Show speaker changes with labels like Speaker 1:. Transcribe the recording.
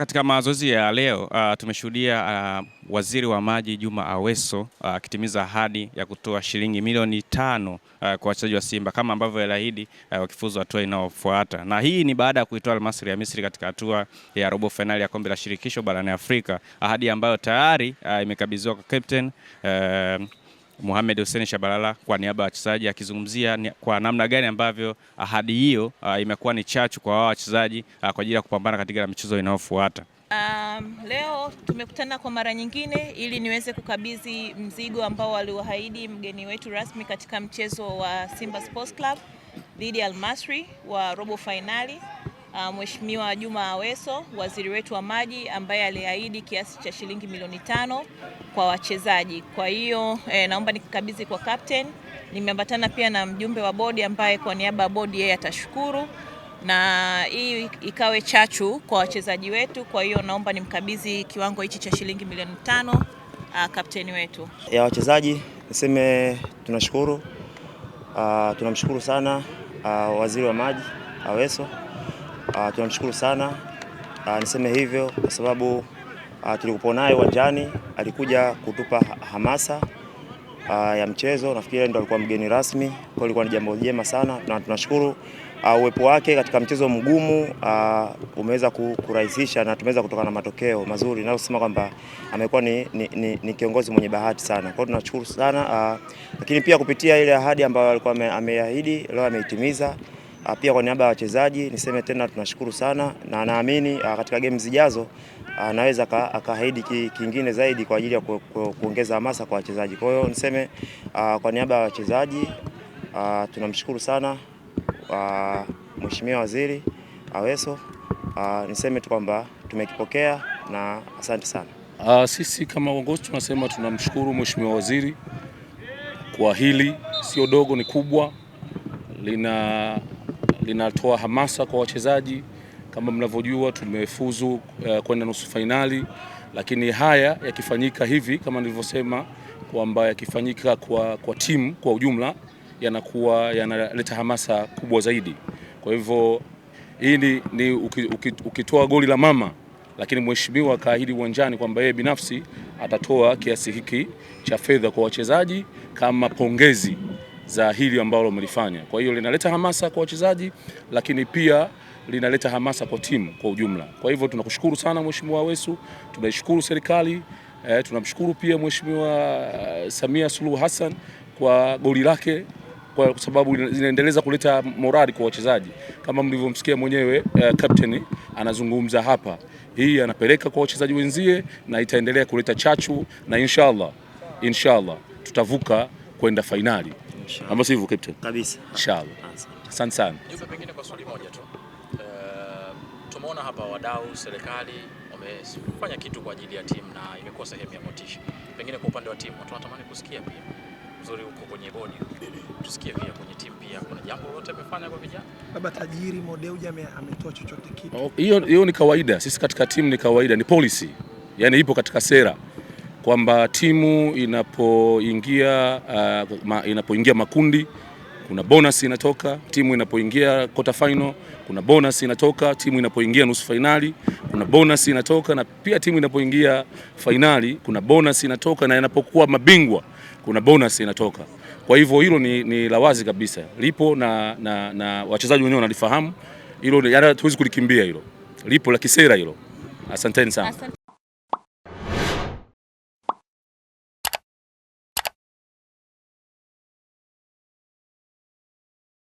Speaker 1: Katika mazoezi ya leo uh, tumeshuhudia uh, waziri wa maji Juma Aweso uh, akitimiza uh, ahadi ya kutoa shilingi milioni tano uh, kwa wachezaji wa Simba kama ambavyo aliahidi uh, wakifuzu hatua inayofuata, na hii ni baada ya kuitoa Almasri ya Misri katika hatua ya robo fainali ya kombe la shirikisho barani Afrika, ahadi ambayo tayari uh, imekabidhiwa kwa captain uh, Mohamed Hussein Shabalala kwa niaba ya wachezaji akizungumzia kwa namna gani ambavyo ah, ahadi hiyo uh, imekuwa ni chachu kwa wao wachezaji uh, kwa ajili ya kupambana katika michezo inayofuata.
Speaker 2: Um, leo tumekutana kwa mara nyingine ili niweze kukabidhi mzigo ambao waliwaahidi mgeni wetu rasmi katika mchezo wa Simba Sports Club dhidi ya Al wa robo fainali uh, Mheshimiwa Juma Aweso, waziri wetu wa maji, ambaye aliahidi kiasi cha shilingi milioni tano kwa wachezaji. Kwa hiyo eh, naomba nikikabidhi kwa captain. Nimeambatana pia na mjumbe wa bodi ambaye kwa niaba ya bodi yeye atashukuru na hii ikawe chachu kwa wachezaji wetu. Kwa hiyo naomba nimkabidhi kiwango hichi cha shilingi milioni tano kapteni ah, wetu.
Speaker 3: Ya wachezaji niseme tunashukuru, ah, tunamshukuru sana uh, waziri wa maji Aweso. Uh, tunamshukuru sana uh, niseme hivyo kwa sababu uh, tulikuwa naye uwanjani, alikuja kutupa hamasa uh, ya mchezo. Nafikiri ndo alikuwa mgeni rasmi, kwa hiyo ilikuwa ni jambo jema sana na tunashukuru uh, uwepo wake katika mchezo mgumu uh, umeweza kurahisisha na tumeweza kutoka na matokeo mazuri, na kusema kwamba amekuwa ni, ni, ni, ni kiongozi mwenye bahati sana. Kwa hiyo tunashukuru sana uh, lakini pia kupitia ile ahadi ambayo alikuwa ameahidi leo ameitimiza. Ah, pia kwa niaba ya wachezaji niseme tena tunashukuru sana, na naamini ah, katika game zijazo anaweza ah, akaahidi kingine zaidi kwa ajili ya kuongeza hamasa kwa wachezaji. Kwa hiyo niseme kwa niaba ya wachezaji tunamshukuru sana Mheshimiwa Waziri Aweso, niseme tu kwamba tumekipokea na asante sana.
Speaker 4: Sisi kama uongozi tunasema tunamshukuru Mheshimiwa Waziri kwa hili, sio dogo, ni kubwa lina linatoa hamasa kwa wachezaji. Kama mnavyojua, tumefuzu uh, kwenda nusu fainali, lakini haya yakifanyika hivi kama nilivyosema kwamba yakifanyika kwa, kwa timu kwa ujumla yanakuwa yanaleta hamasa kubwa zaidi. Kwa hivyo hii ni, ni ukitoa goli la mama, lakini mheshimiwa akaahidi uwanjani kwamba yeye binafsi atatoa kiasi hiki cha fedha kwa wachezaji kama pongezi za hili ambalo mlifanya. Kwa hiyo linaleta hamasa kwa wachezaji, lakini pia linaleta hamasa kwa timu kwa ujumla. Kwa hivyo tunakushukuru sana Mheshimiwa wesu tunaishukuru serikali eh, tunamshukuru pia Mheshimiwa eh, Samia Suluhu Hassan kwa goli lake kwa sababu zinaendeleza kuleta morali kwa wachezaji kama mlivyomsikia mwenyewe eh, captain anazungumza hapa. Hii anapeleka kwa wachezaji wenzie na itaendelea kuleta chachu na inshallah, inshallah tutavuka kwenda fainali ama sio captain? Kabisa. Inshallah. Asante sana.
Speaker 5: Jumbe, pengine kwa swali moja tu. Uh, tumeona hapa wadau, serikali wamefanya kitu kwa ajili ya timu na imekuwa sehemu ya motisha. Pengine kwa upande wa timu watu wanatamani kusikia pia uzuri huko kwenye bodi, tusikie pia kwenye timu pia kuna jambo lolote amefanya kwa vijana.
Speaker 6: Baba tajiri Modeuja ametoa chochote kitu.
Speaker 7: Oh, hiyo hiyo ni kawaida, sisi katika timu ni kawaida, ni policy, yaani ipo katika sera kwamba timu inapoingia uh, ma, inapoingia makundi kuna bonus inatoka. Timu inapoingia quarter final kuna bonus inatoka. Timu inapoingia nusu fainali kuna bonus inatoka, na pia timu inapoingia fainali kuna bonus inatoka, na inapokuwa mabingwa kuna bonus inatoka. Kwa hivyo hilo ni, ni la wazi kabisa lipo na, na, na wachezaji wenyewe wanalifahamu hilo, hatuwezi kulikimbia hilo, lipo la kisera hilo. Asanteni sana. Asante.